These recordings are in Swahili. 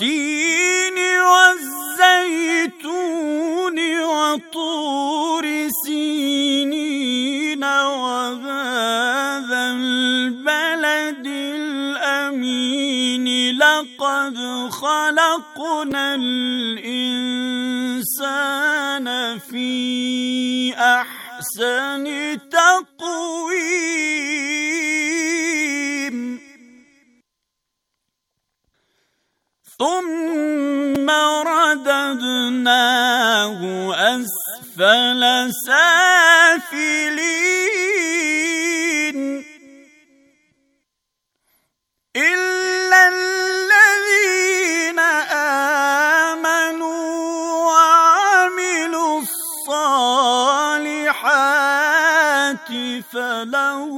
والتين والزيتون وطور سينين وهذا البلد الأمين لقد خلقنا الإنسان في أحسن تقويم ثم رددناه أسفل سافلين إلا الذين آمنوا وعملوا الصالحات فلهم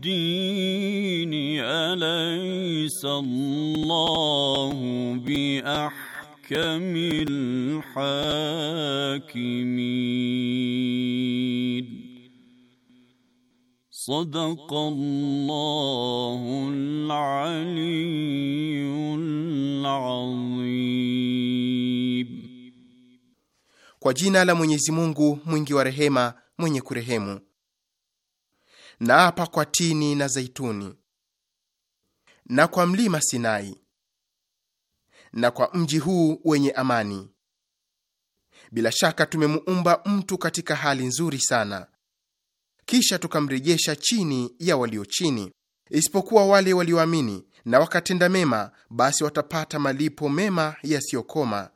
الدين أليس الله بأحكم الحاكمين صدق الله العلي العظيم Kwa jina la Mwenyezi Mungu mwingi wa rehema mwenye kurehemu na apa kwa tini na zaituni na kwa mlima Sinai na kwa mji huu wenye amani. Bila shaka tumemuumba mtu katika hali nzuri sana, kisha tukamrejesha chini ya walio chini, isipokuwa wale walioamini na wakatenda mema, basi watapata malipo mema yasiyokoma.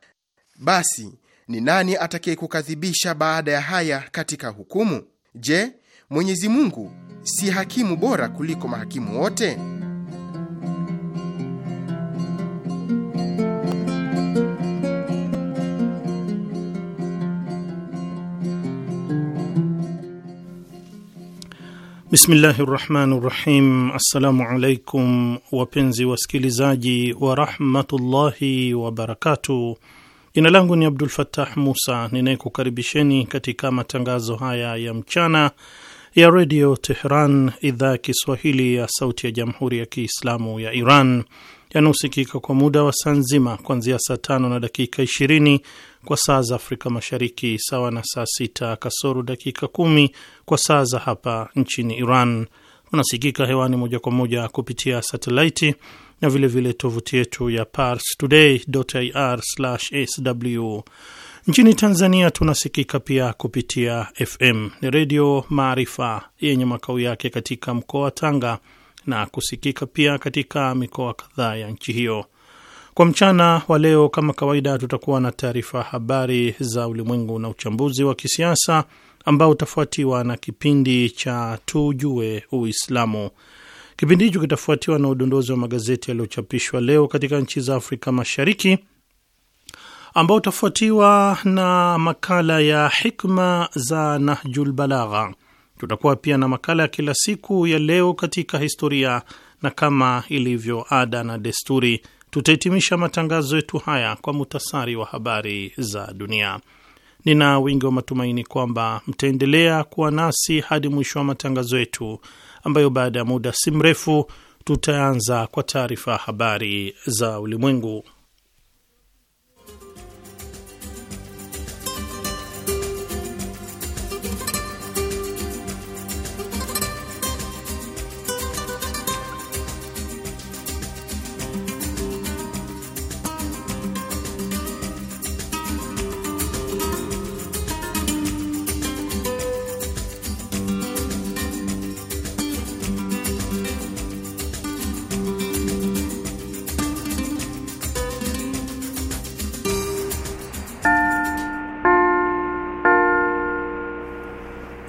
Basi ni nani atakayekukadhibisha baada ya haya katika hukumu? Je, Mwenyezi Mungu si hakimu bora kuliko mahakimu wote? Bismillahi rahmani rahim. Assalamu alaikum wapenzi wasikilizaji warahmatullahi wabarakatuh. Jina langu ni Abdul Fattah Musa ninayekukaribisheni katika matangazo haya ya mchana ya Redio Teheran, idhaa ya Kiswahili ya sauti ya Jamhuri ya Kiislamu ya Iran yanaosikika kwa muda wa saa nzima kuanzia saa tano na dakika 20 kwa saa za Afrika Mashariki, sawa na saa sita kasoro dakika kumi kwa saa za hapa nchini Iran. Unasikika hewani moja kwa moja kupitia satelaiti na vilevile tovuti yetu ya Pars Today ir sw Nchini Tanzania tunasikika pia kupitia FM ni Redio Maarifa yenye makao yake katika mkoa wa Tanga na kusikika pia katika mikoa kadhaa ya nchi hiyo. Kwa mchana wa leo, kama kawaida, tutakuwa na taarifa habari za ulimwengu na uchambuzi wa kisiasa ambao utafuatiwa na kipindi cha Tujue Uislamu. Kipindi hicho kitafuatiwa na udondozi wa magazeti yaliyochapishwa leo katika nchi za Afrika Mashariki ambao utafuatiwa na makala ya hikma za Nahjul Balagha. Tutakuwa pia na makala ya kila siku ya leo katika historia, na kama ilivyo ada na desturi, tutahitimisha matangazo yetu haya kwa muhtasari wa habari za dunia. Nina wingi wa matumaini kwamba mtaendelea kuwa nasi hadi mwisho wa matangazo yetu, ambayo baada ya muda si mrefu tutaanza kwa taarifa ya habari za ulimwengu.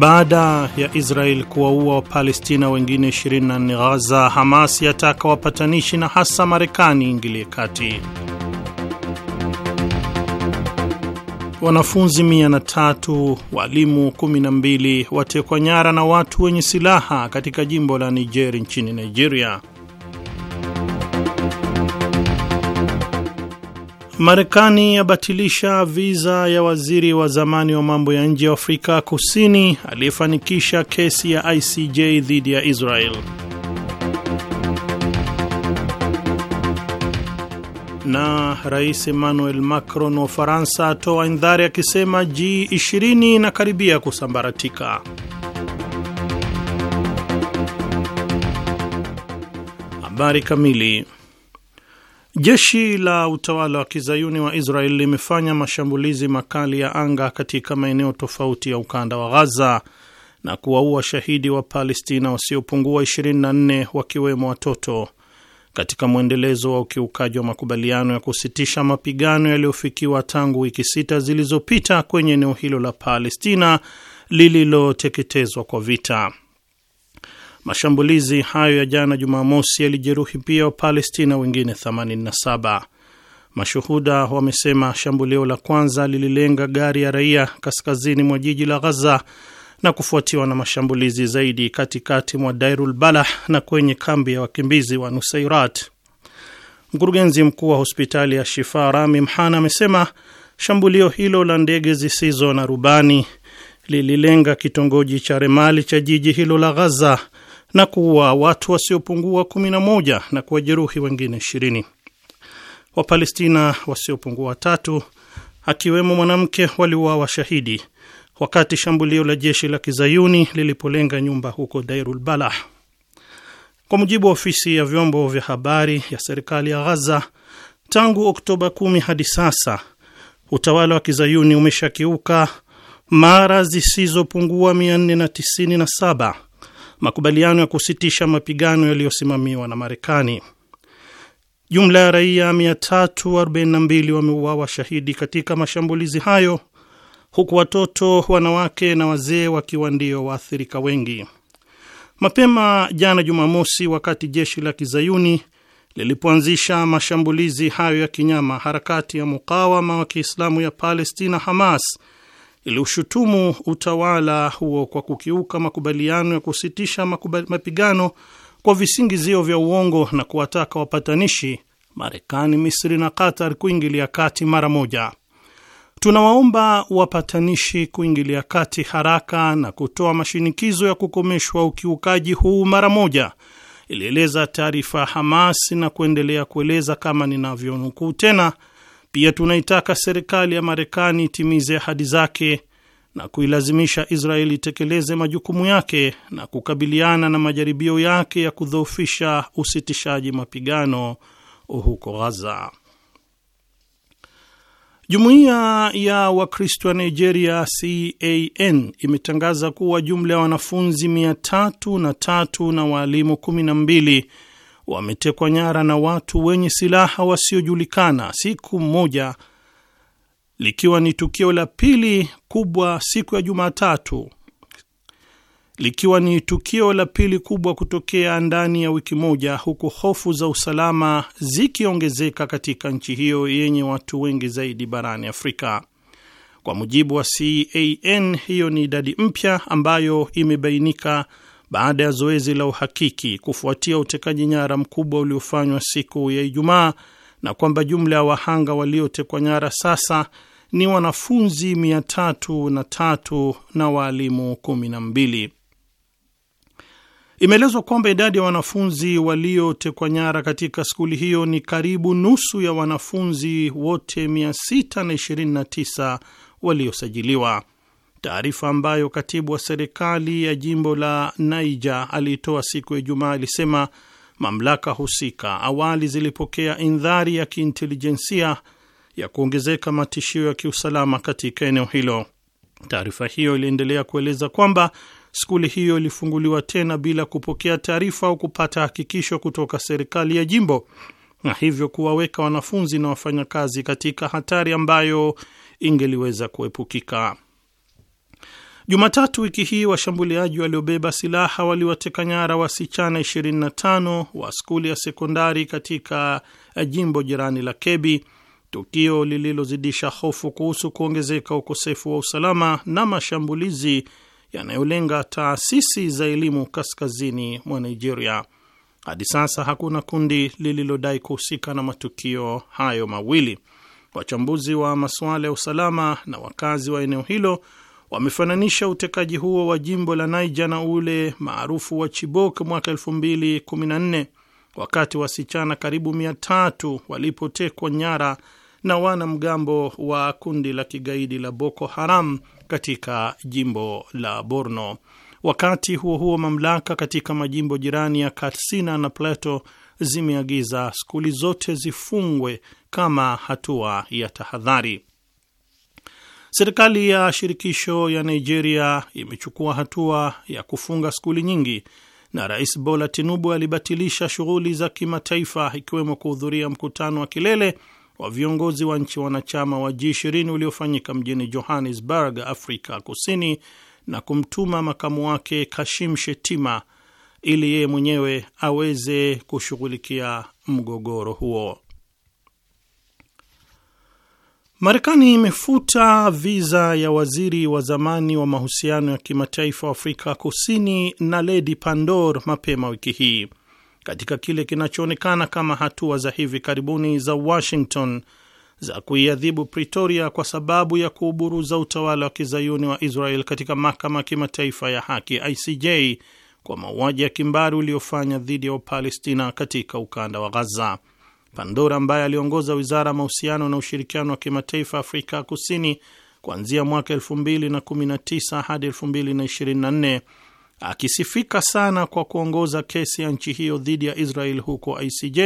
Baada ya Israel kuwaua Wapalestina wengine 24 Ghaza, Hamas yataka wapatanishi na hasa Marekani ingilie kati. Wanafunzi 103 walimu 12 watekwa nyara na watu wenye silaha katika jimbo la Niger nchini Nigeria. Marekani yabatilisha viza ya waziri wa zamani wa mambo ya nje wa Afrika Kusini aliyefanikisha kesi ya ICJ dhidi ya Israel. Na Rais Emmanuel Macron wa Ufaransa atoa indhari akisema G20 inakaribia kusambaratika. Habari kamili Jeshi la utawala wa kizayuni wa Israel limefanya mashambulizi makali ya anga katika maeneo tofauti ya ukanda wa Ghaza na kuwaua shahidi wa Palestina wasiopungua 24 wakiwemo watoto katika mwendelezo wa ukiukaji wa makubaliano ya kusitisha mapigano yaliyofikiwa tangu wiki sita zilizopita kwenye eneo hilo la Palestina lililoteketezwa kwa vita. Mashambulizi hayo ya jana Jumamosi yalijeruhi pia Wapalestina wengine 87. Mashuhuda wamesema shambulio la kwanza lililenga gari ya raia kaskazini mwa jiji la Ghaza na kufuatiwa na mashambulizi zaidi katikati mwa Dairul Balah na kwenye kambi ya wakimbizi wa Nusairat. Mkurugenzi mkuu wa hospitali ya Shifa Rami Mhan amesema shambulio hilo la ndege zisizo na rubani lililenga kitongoji cha Remali cha jiji hilo la Ghaza na kuua watu wasiopungua 11 na kuwajeruhi wengine 20. Wapalestina wasiopungua watatu akiwemo mwanamke waliuawa shahidi wakati shambulio la jeshi la kizayuni lilipolenga nyumba huko Dairul Balah. Kwa mujibu wa ofisi ya vyombo vya habari ya serikali ya Ghaza, tangu Oktoba 10 hadi sasa utawala wa kizayuni umeshakiuka mara zisizopungua 497 makubaliano ya kusitisha mapigano yaliyosimamiwa na Marekani. Jumla ya raia 342 wameuawa shahidi katika mashambulizi hayo, huku watoto, wanawake na wazee wakiwa ndio waathirika wengi. Mapema jana Jumamosi, wakati jeshi la kizayuni lilipoanzisha mashambulizi hayo ya kinyama, harakati ya mukawama wa Kiislamu ya Palestina, Hamas, iliushutumu utawala huo kwa kukiuka makubaliano ya kusitisha mapigano kwa visingizio vya uongo na kuwataka wapatanishi Marekani, Misri na Qatar kuingilia kati mara moja. Tunawaomba wapatanishi kuingilia kati haraka na kutoa mashinikizo ya kukomeshwa ukiukaji huu mara moja, ilieleza taarifa ya Hamas na kuendelea kueleza kama ninavyonukuu tena pia tunaitaka serikali ya Marekani itimize ahadi zake na kuilazimisha Israeli itekeleze majukumu yake na kukabiliana na majaribio yake ya kudhoofisha usitishaji mapigano huko Ghaza. Jumuiya ya Wakristo wa Nigeria CAN imetangaza kuwa jumla ya wanafunzi mia tatu na tatu na waalimu kumi na mbili wametekwa nyara na watu wenye silaha wasiojulikana siku moja, likiwa ni tukio la pili kubwa siku ya Jumatatu, likiwa ni tukio la pili kubwa kutokea ndani ya wiki moja, huku hofu za usalama zikiongezeka katika nchi hiyo yenye watu wengi zaidi barani Afrika. Kwa mujibu wa CAN, hiyo ni idadi mpya ambayo imebainika baada ya zoezi la uhakiki kufuatia utekaji nyara mkubwa uliofanywa siku ya Ijumaa na kwamba jumla ya wahanga waliotekwa nyara sasa ni wanafunzi mia tatu na tatu na waalimu kumi na mbili. Imeelezwa kwamba idadi ya wanafunzi waliotekwa nyara katika skuli hiyo ni karibu nusu ya wanafunzi wote 629 waliosajiliwa. Taarifa ambayo katibu wa serikali ya jimbo la Niger aliitoa siku ya Ijumaa ilisema mamlaka husika awali zilipokea indhari ya kiintelijensia ya kuongezeka matishio ya kiusalama katika eneo hilo. Taarifa hiyo iliendelea kueleza kwamba skuli hiyo ilifunguliwa tena bila kupokea taarifa au kupata hakikisho kutoka serikali ya jimbo na hivyo kuwaweka wanafunzi na wafanyakazi katika hatari ambayo ingeliweza kuepukika. Jumatatu wiki hii washambuliaji waliobeba silaha waliwateka nyara wasichana 25 wa skuli ya sekondari katika eh, jimbo jirani la kebi tukio lililozidisha hofu kuhusu kuongezeka ukosefu wa usalama na mashambulizi yanayolenga taasisi za elimu kaskazini mwa Nigeria. Hadi sasa hakuna kundi lililodai kuhusika na matukio hayo mawili. Wachambuzi wa masuala ya usalama na wakazi wa eneo hilo wamefananisha utekaji huo wa jimbo la Niger na ule maarufu wa Chibok mwaka 2014 wakati wasichana karibu 300 walipotekwa nyara na wanamgambo wa kundi la kigaidi la Boko Haram katika jimbo la Borno. Wakati huo huo, mamlaka katika majimbo jirani ya Katsina na Plateau zimeagiza skuli zote zifungwe kama hatua ya tahadhari. Serikali ya shirikisho ya Nigeria imechukua hatua ya kufunga skuli nyingi na Rais Bola Tinubu alibatilisha shughuli za kimataifa ikiwemo kuhudhuria mkutano wa kilele wa viongozi wa nchi wanachama wa G20 uliofanyika mjini Johannesburg, Afrika Kusini, na kumtuma makamu wake Kashim Shetima ili yeye mwenyewe aweze kushughulikia mgogoro huo. Marekani imefuta viza ya waziri wa zamani wa mahusiano ya kimataifa wa Afrika Kusini na Ledi Pandor mapema wiki hii katika kile kinachoonekana kama hatua za hivi karibuni za Washington za kuiadhibu Pretoria kwa sababu ya kuuburuza utawala wa kizayuni wa Israel katika mahakama ya kimataifa ya haki ICJ kwa mauaji ya kimbari uliofanya dhidi ya Wapalestina katika ukanda wa Ghaza. Pandora ambaye aliongoza wizara ya mahusiano na ushirikiano wa kimataifa Afrika Kusini kuanzia mwaka 2019 hadi 2024 akisifika sana kwa kuongoza kesi ya nchi hiyo dhidi ya Israel huko ICJ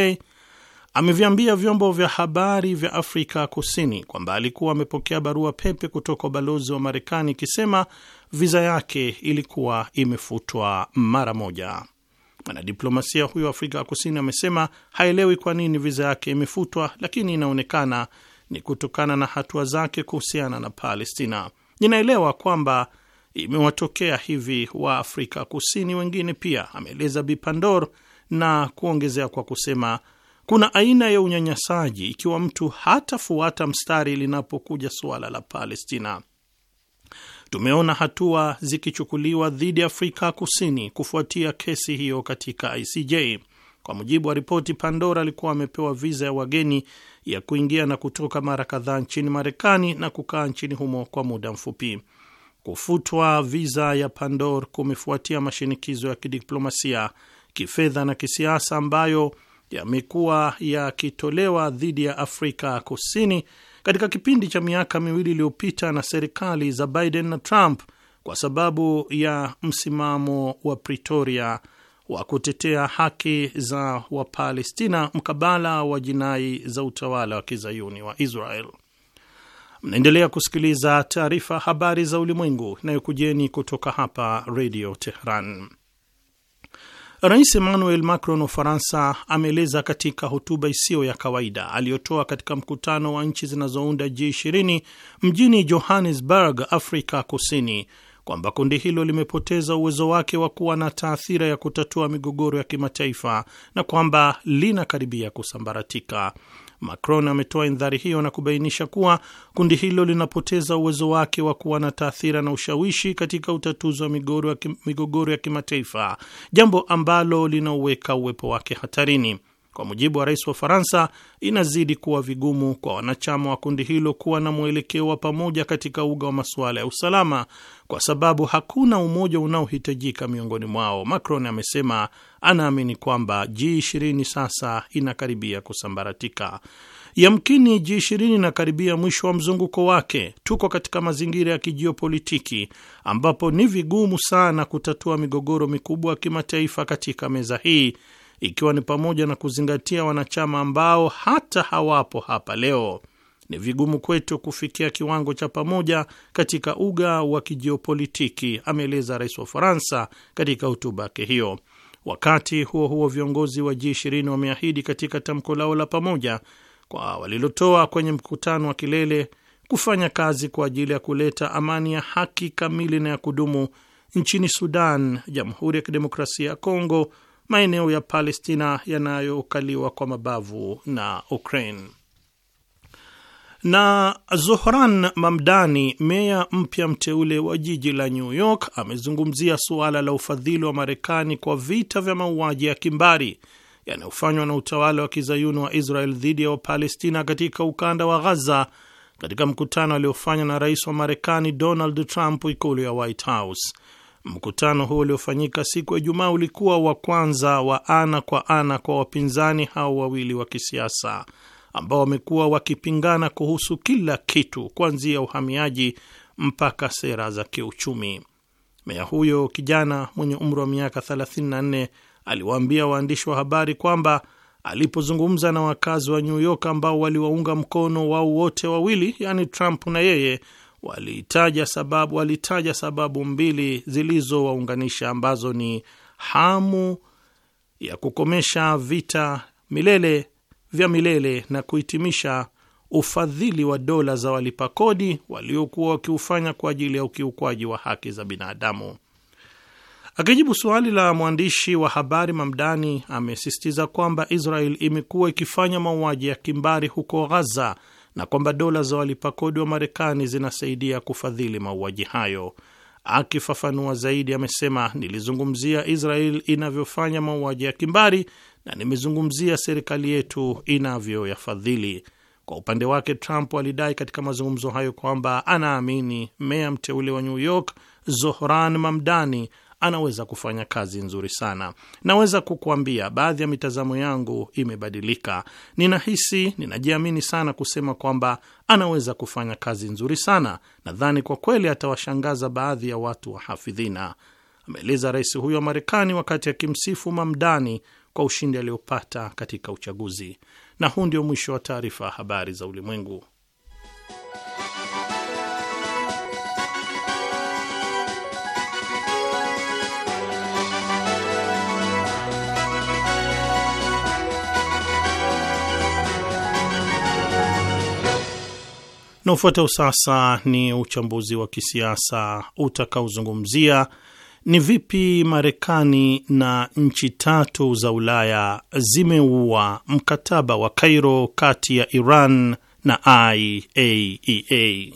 ameviambia vyombo vya habari vya Afrika Kusini kwamba alikuwa amepokea barua pepe kutoka ubalozi wa Marekani ikisema viza yake ilikuwa imefutwa mara moja. Mwanadiplomasia huyo Afrika ya Kusini amesema haelewi kwa nini viza yake imefutwa, lakini inaonekana ni kutokana na hatua zake kuhusiana na Palestina. Ninaelewa kwamba imewatokea hivi wa Afrika Kusini wengine pia, ameeleza Bipandor na kuongezea kwa kusema kuna aina ya unyanyasaji ikiwa mtu hatafuata mstari linapokuja suala la Palestina. Tumeona hatua zikichukuliwa dhidi ya Afrika Kusini kufuatia kesi hiyo katika ICJ. Kwa mujibu wa ripoti, Pandora alikuwa amepewa viza ya wageni ya kuingia na kutoka mara kadhaa nchini Marekani na kukaa nchini humo kwa muda mfupi. Kufutwa viza ya Pandora kumefuatia mashinikizo ya kidiplomasia, kifedha na kisiasa ambayo yamekuwa yakitolewa dhidi ya Afrika Kusini katika kipindi cha miaka miwili iliyopita na serikali za Biden na Trump kwa sababu ya msimamo wa Pretoria wa kutetea haki za Wapalestina mkabala wa jinai za utawala wa kizayuni wa Israel. Mnaendelea kusikiliza taarifa habari za ulimwengu inayokujeni kutoka hapa Radio Tehran. Rais Emmanuel Macron wa Ufaransa ameeleza katika hotuba isiyo ya kawaida aliyotoa katika mkutano wa nchi zinazounda G20 mjini Johannesburg, Afrika Kusini, kwamba kundi hilo limepoteza uwezo wake wa kuwa na taathira ya kutatua migogoro ya kimataifa na kwamba linakaribia kusambaratika. Macron ametoa indhari hiyo na kubainisha kuwa kundi hilo linapoteza uwezo wake wa kuwa na taathira na ushawishi katika utatuzi wa migogoro ya kimataifa, jambo ambalo linauweka uwepo wake hatarini. Kwa mujibu wa rais wa Faransa, inazidi kuwa vigumu kwa wanachama wa kundi hilo kuwa na mwelekeo wa pamoja katika uga wa masuala ya usalama, kwa sababu hakuna umoja unaohitajika miongoni mwao. Macron amesema anaamini kwamba G20 sasa inakaribia kusambaratika. Yamkini G20 inakaribia mwisho wa mzunguko wake. Tuko katika mazingira ya kijiopolitiki ambapo ni vigumu sana kutatua migogoro mikubwa ya kimataifa katika meza hii ikiwa ni pamoja na kuzingatia wanachama ambao hata hawapo hapa leo. Ni vigumu kwetu kufikia kiwango cha pamoja katika uga wa kijiopolitiki, ameeleza rais wa Ufaransa katika hotuba yake hiyo. Wakati huo huo, viongozi wa G20 wameahidi katika tamko lao la pamoja kwa walilotoa kwenye mkutano wa kilele kufanya kazi kwa ajili ya kuleta amani ya haki kamili na ya kudumu nchini Sudan, Jamhuri ya Kidemokrasia ya Kongo, maeneo ya Palestina yanayokaliwa kwa mabavu na Ukraine. Na Zohran Mamdani, meya mpya mteule wa jiji la New York, amezungumzia suala la ufadhili wa Marekani kwa vita vya mauaji ya kimbari yanayofanywa na utawala wa kizayuni wa Israel dhidi ya Wapalestina katika ukanda wa Ghaza katika mkutano aliofanya na rais wa Marekani Donald Trump ikulu ya White House. Mkutano huo uliofanyika siku ya Ijumaa ulikuwa wa kwanza wa ana kwa ana kwa wapinzani hao wawili wa kisiasa ambao wamekuwa wakipingana kuhusu kila kitu, kuanzia uhamiaji mpaka sera za kiuchumi. Meya huyo kijana mwenye umri wa miaka 34 aliwaambia waandishi wa habari kwamba alipozungumza na wakazi wa New York ambao waliwaunga mkono wao wote wawili, yaani Trump na yeye, walitaja sababu, walitaja sababu mbili zilizowaunganisha ambazo ni hamu ya kukomesha vita milele vya milele na kuhitimisha ufadhili wa dola za walipa kodi waliokuwa wakiufanya kwa ajili ya ukiukwaji wa haki za binadamu. Akijibu suali la mwandishi wa habari Mamdani amesisitiza kwamba Israel imekuwa ikifanya mauaji ya kimbari huko Ghaza na kwamba dola za walipa kodi wa Marekani zinasaidia kufadhili mauaji hayo. Akifafanua zaidi, amesema nilizungumzia Israel inavyofanya mauaji ya kimbari na nimezungumzia serikali yetu inavyoyafadhili. Kwa upande wake, Trump alidai katika mazungumzo hayo kwamba anaamini meya mteule wa New York Zohran Mamdani anaweza kufanya kazi nzuri sana. Naweza kukuambia baadhi ya mitazamo yangu imebadilika. Ninahisi, ninajiamini sana kusema kwamba anaweza kufanya kazi nzuri sana. Nadhani kwa kweli atawashangaza baadhi ya watu wa hafidhina, ameeleza rais huyo wa Marekani wakati akimsifu Mamdani kwa ushindi aliopata katika uchaguzi. Na huu ndio mwisho wa taarifa ya habari za ulimwengu. Na ufuatao sasa ni uchambuzi wa kisiasa utakaozungumzia ni vipi Marekani na nchi tatu za Ulaya zimeua mkataba wa Kairo kati ya Iran na IAEA. E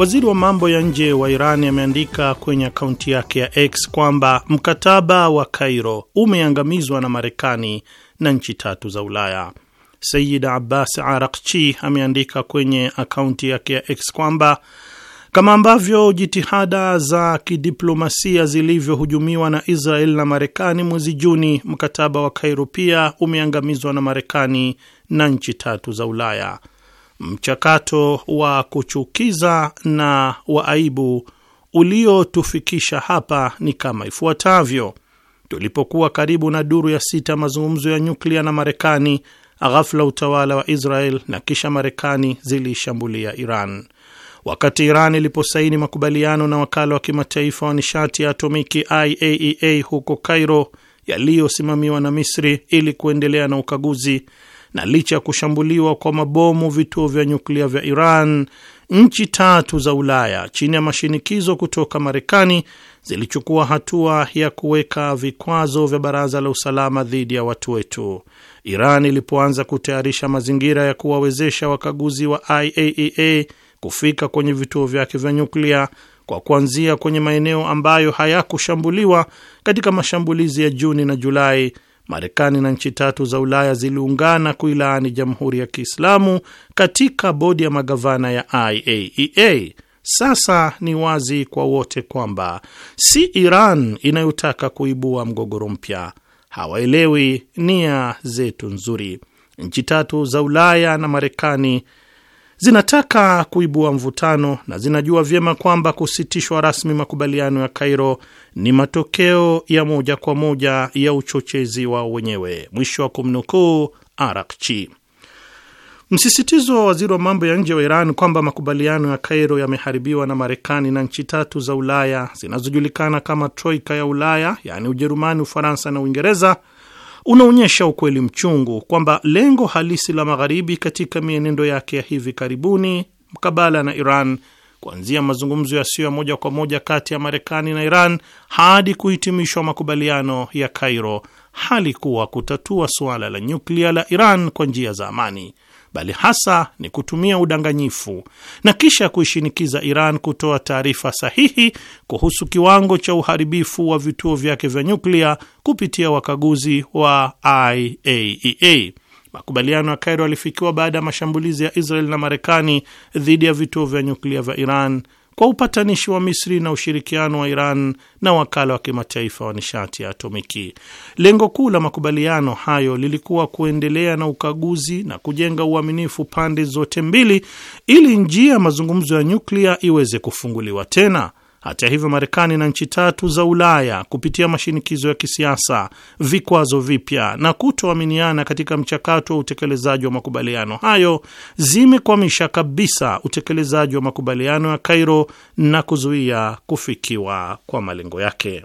Waziri wa mambo ya nje wa Iran ameandika kwenye akaunti yake ya X kwamba mkataba wa Kairo umeangamizwa na Marekani na nchi tatu za Ulaya. Sayid Abbas Arakchi ameandika kwenye akaunti yake ya X kwamba kama ambavyo jitihada za kidiplomasia zilivyohujumiwa na Israel na Marekani mwezi Juni, mkataba wa Kairo pia umeangamizwa na Marekani na nchi tatu za Ulaya mchakato wa kuchukiza na wa aibu uliotufikisha hapa ni kama ifuatavyo. Tulipokuwa karibu na duru ya sita mazungumzo ya nyuklia na Marekani, ghafla utawala wa Israel na kisha Marekani zilishambulia Iran. Wakati Iran iliposaini makubaliano na wakala wa kimataifa wa nishati ya atomiki IAEA e huko Cairo, yaliyosimamiwa na Misri ili kuendelea na ukaguzi na licha ya kushambuliwa kwa mabomu vituo vya nyuklia vya Iran, nchi tatu za Ulaya chini ya mashinikizo kutoka Marekani zilichukua hatua ya kuweka vikwazo vya Baraza la Usalama dhidi ya watu wetu. Iran ilipoanza kutayarisha mazingira ya kuwawezesha wakaguzi wa IAEA e kufika kwenye vituo vyake vya nyuklia kwa kuanzia kwenye maeneo ambayo hayakushambuliwa katika mashambulizi ya Juni na Julai, Marekani na nchi tatu za Ulaya ziliungana kuilaani Jamhuri ya Kiislamu katika bodi ya magavana ya IAEA. E Sasa ni wazi kwa wote kwamba si Iran inayotaka kuibua mgogoro mpya. Hawaelewi nia zetu nzuri. Nchi tatu za Ulaya na Marekani zinataka kuibua mvutano na zinajua vyema kwamba kusitishwa rasmi makubaliano ya Kairo ni matokeo ya moja kwa moja ya uchochezi wao wenyewe. Mwisho wa kumnukuu Arakchi. Msisitizo wa waziri wa mambo ya nje wa Iran kwamba makubaliano ya Kairo yameharibiwa na Marekani na nchi tatu za Ulaya zinazojulikana kama Troika ya Ulaya, yaani Ujerumani, Ufaransa na Uingereza unaonyesha ukweli mchungu kwamba lengo halisi la Magharibi katika mienendo yake ya hivi karibuni mkabala na Iran, kuanzia mazungumzo yasiyo ya moja kwa moja kati ya Marekani na Iran hadi kuhitimishwa makubaliano ya Kairo, halikuwa kutatua suala la nyuklia la Iran kwa njia za amani bali hasa ni kutumia udanganyifu na kisha kuishinikiza Iran kutoa taarifa sahihi kuhusu kiwango cha uharibifu wa vituo vyake vya nyuklia kupitia wakaguzi wa IAEA. E Makubaliano ya Kairo yalifikiwa baada ya mashambulizi ya Israel na Marekani dhidi ya vituo vya nyuklia vya Iran kwa upatanishi wa Misri na ushirikiano wa Iran na wakala wa kimataifa wa nishati ya atomiki. Lengo kuu la makubaliano hayo lilikuwa kuendelea na ukaguzi na kujenga uaminifu pande zote mbili, ili njia ya mazungumzo ya nyuklia iweze kufunguliwa tena. Hata hivyo, Marekani na nchi tatu za Ulaya kupitia mashinikizo ya kisiasa, vikwazo vipya na kutoaminiana katika mchakato wa utekelezaji wa makubaliano hayo zimekwamisha kabisa utekelezaji wa makubaliano ya Kairo na kuzuia kufikiwa kwa malengo yake.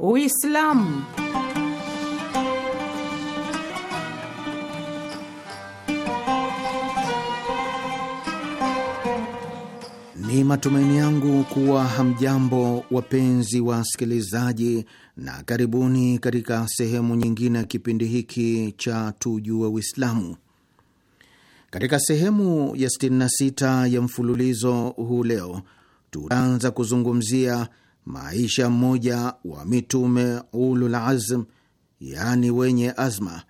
Uislamu. Ni matumaini yangu kuwa hamjambo wapenzi wa sikilizaji, na karibuni katika sehemu nyingine ya kipindi hiki cha tujue Uislamu. Katika sehemu ya 66 ya mfululizo huu leo tutaanza kuzungumzia maisha mmoja wa mitume ulul azm, yaani wenye azma,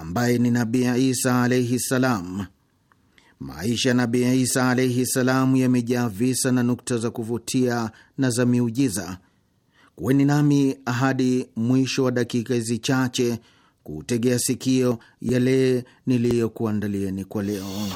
ambaye ni Nabii Isa alaihi salam. Maisha ya Nabii Isa alaihi salam yamejaa visa na nukta za kuvutia na za miujiza. Kuweni nami hadi mwisho wa dakika hizi chache kutegea sikio yale niliyokuandalieni kwa leo.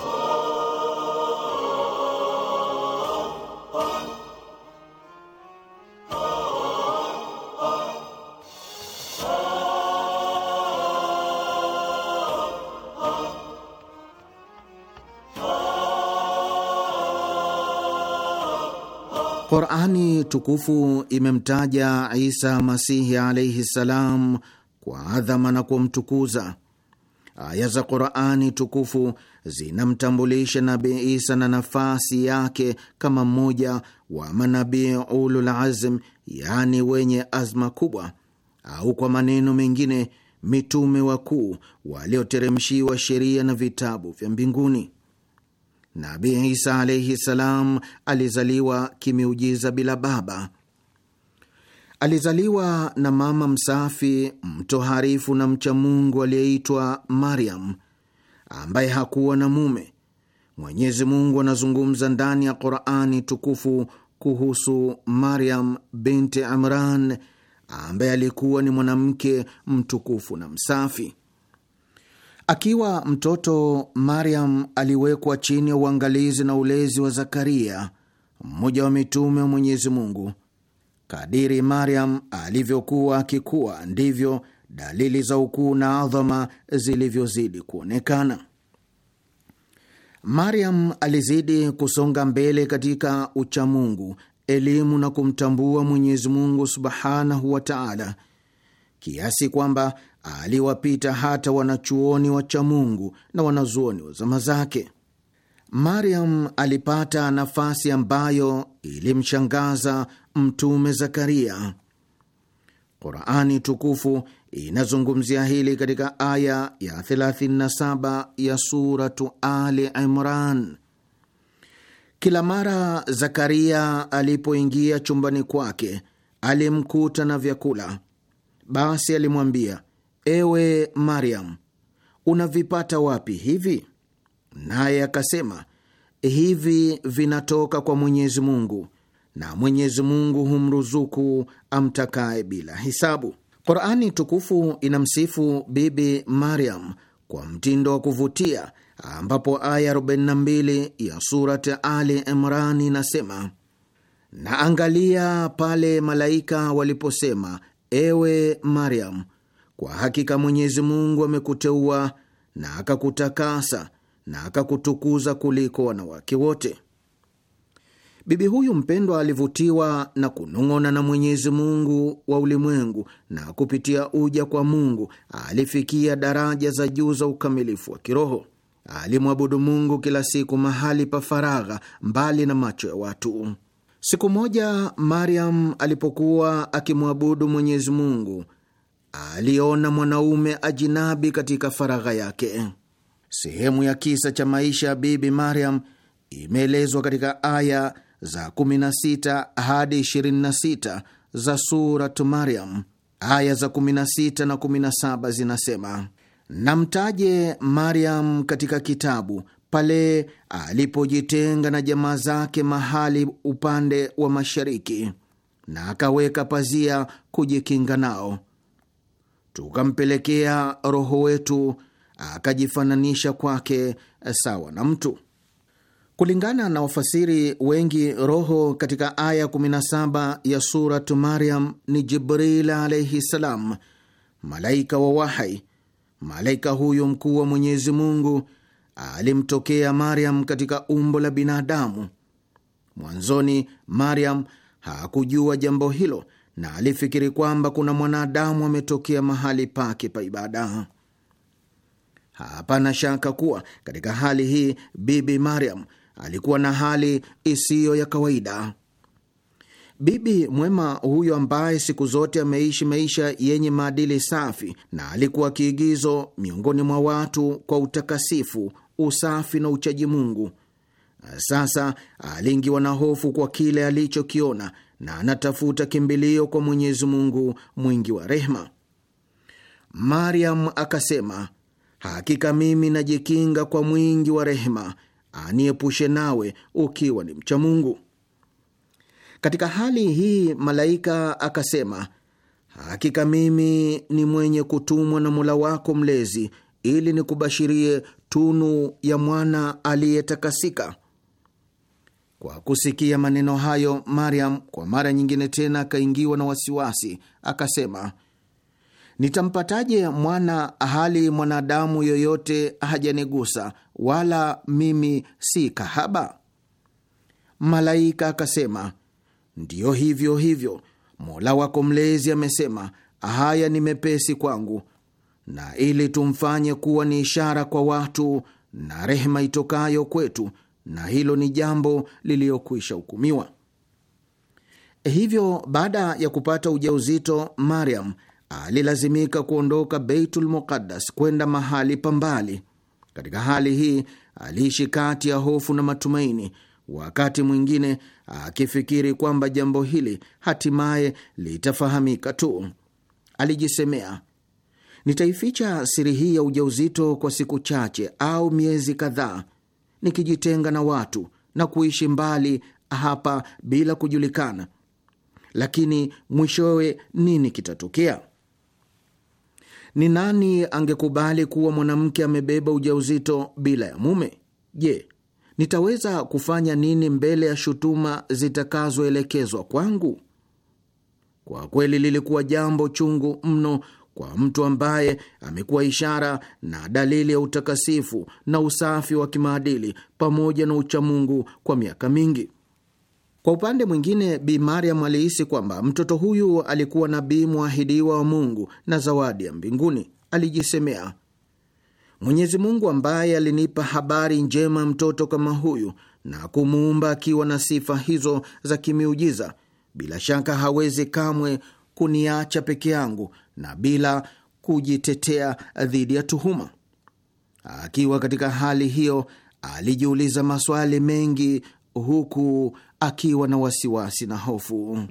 Qurani tukufu imemtaja Isa Masihi alaihi ssalam kwa adhama na kumtukuza. Aya za Qurani tukufu zinamtambulisha Nabi Isa na nafasi yake kama mmoja wa manabii ulul azm, yaani wenye azma kubwa, au kwa maneno mengine, mitume wakuu walioteremshiwa sheria na vitabu vya mbinguni. Nabi Isa alaihi salam alizaliwa kimeujiza bila baba. Alizaliwa na mama msafi, mtoharifu na mcha Mungu aliyeitwa mariam ambaye hakuwa na mume. Mwenyezi Mungu anazungumza ndani ya Qurani tukufu kuhusu mariam binti Imran ambaye alikuwa ni mwanamke mtukufu na msafi. Akiwa mtoto, mariam aliwekwa chini ya uangalizi na ulezi wa Zakaria, mmoja wa mitume wa Mwenyezi Mungu. Kadiri mariam alivyokuwa akikuwa, ndivyo dalili za ukuu na adhama zilivyozidi kuonekana. mariam alizidi kusonga mbele katika uchamungu, elimu na kumtambua Mwenyezi Mungu subhanahu wa taala, kiasi kwamba aliwapita hata wanachuoni wa mungu na wanazuoni wa zama zake. Mariam alipata nafasi ambayo ilimshangaza Mtume Zakaria. Qurani tukufu inazungumzia hili katika aya ya 37 ya Suratu Ali Imran. Kila mara Zakaria alipoingia chumbani kwake alimkuta na vyakula, basi alimwambia ewe Mariam, unavipata wapi hivi? Naye akasema, hivi vinatoka kwa Mwenyezi Mungu, na Mwenyezi Mungu humruzuku amtakaye bila hisabu. Qurani tukufu inamsifu Bibi Mariam kwa mtindo wa kuvutia ambapo aya 42 ya Surat Ali Imran inasema, na angalia pale malaika waliposema, ewe Mariam, kwa hakika Mwenyezi Mungu amekuteua na akakutakasa na akakutukuza kuliko wanawake wote. Bibi huyu mpendwa alivutiwa na kunong'ona na Mwenyezi Mungu wa ulimwengu, na kupitia uja kwa Mungu alifikia daraja za juu za ukamilifu wa kiroho. Alimwabudu Mungu kila siku mahali pa faragha, mbali na macho ya watu. Siku moja Mariam alipokuwa akimwabudu Mwenyezi Mungu, aliona mwanaume ajinabi katika faragha yake. Sehemu ya kisa cha maisha ya Bibi Mariam imeelezwa katika aya za 16 hadi 26 za surat Mariam. Aya za 16 na 17 zinasema: namtaje Mariam katika kitabu pale alipojitenga na jamaa zake mahali upande wa mashariki, na akaweka pazia kujikinga nao tukampelekea roho wetu akajifananisha kwake sawa na mtu. Kulingana na wafasiri wengi, roho katika aya 17 ya Surat Mariam ni Jibril alaihi ssalam, malaika wa wahai. Malaika huyu mkuu wa Mwenyezi Mungu alimtokea Mariam katika umbo la binadamu. Mwanzoni Mariam hakujua jambo hilo na alifikiri kwamba kuna mwanadamu ametokea mahali pake pa ibada. Hapana shaka kuwa katika hali hii Bibi Mariam alikuwa na hali isiyo ya kawaida. Bibi mwema huyo ambaye siku zote ameishi maisha yenye maadili safi na alikuwa kiigizo miongoni mwa watu kwa utakasifu, usafi na uchaji Mungu, sasa aliingiwa na hofu kwa kile alichokiona na anatafuta kimbilio kwa Mwenyezi Mungu mwingi wa rehma Maryam akasema, hakika mimi najikinga kwa mwingi wa rehma aniepushe nawe ukiwa ni mcha Mungu. Katika hali hii malaika akasema, hakika mimi ni mwenye kutumwa na Mola wako mlezi ili nikubashirie tunu ya mwana aliyetakasika kwa kusikia maneno hayo, Mariam kwa mara nyingine tena akaingiwa na wasiwasi, akasema, nitampataje mwana hali mwanadamu yoyote hajanigusa, wala mimi si kahaba? Malaika akasema, ndiyo hivyo hivyo, Mola wako Mlezi amesema haya ni mepesi kwangu, na ili tumfanye kuwa ni ishara kwa watu na rehema itokayo kwetu na hilo ni jambo liliyokwisha hukumiwa. Eh, hivyo baada ya kupata ujauzito, Mariam alilazimika kuondoka Beitul Muqaddas kwenda mahali pa mbali. Katika hali hii aliishi kati ya hofu na matumaini, wakati mwingine akifikiri kwamba jambo hili hatimaye litafahamika tu. Alijisemea, nitaificha siri hii ya ujauzito kwa siku chache au miezi kadhaa nikijitenga na watu na kuishi mbali hapa bila kujulikana, lakini mwishowe nini kitatokea? Ni nani angekubali kuwa mwanamke amebeba ujauzito bila ya mume? Je, nitaweza kufanya nini mbele ya shutuma zitakazoelekezwa kwangu? Kwa kweli lilikuwa jambo chungu mno kwa mtu ambaye amekuwa ishara na dalili ya utakasifu na usafi wa kimaadili pamoja na uchamungu kwa miaka mingi. Kwa upande mwingine, Bi Mariam alihisi kwamba mtoto huyu alikuwa nabii mwahidiwa wa Mungu na zawadi ya mbinguni. Alijisemea, Mwenyezi Mungu ambaye alinipa habari njema mtoto kama huyu na kumuumba akiwa na sifa hizo za kimiujiza, bila shaka hawezi kamwe kuniacha peke yangu na bila kujitetea dhidi ya tuhuma. Akiwa katika hali hiyo, alijiuliza maswali mengi huku akiwa na wasiwasi na hofu.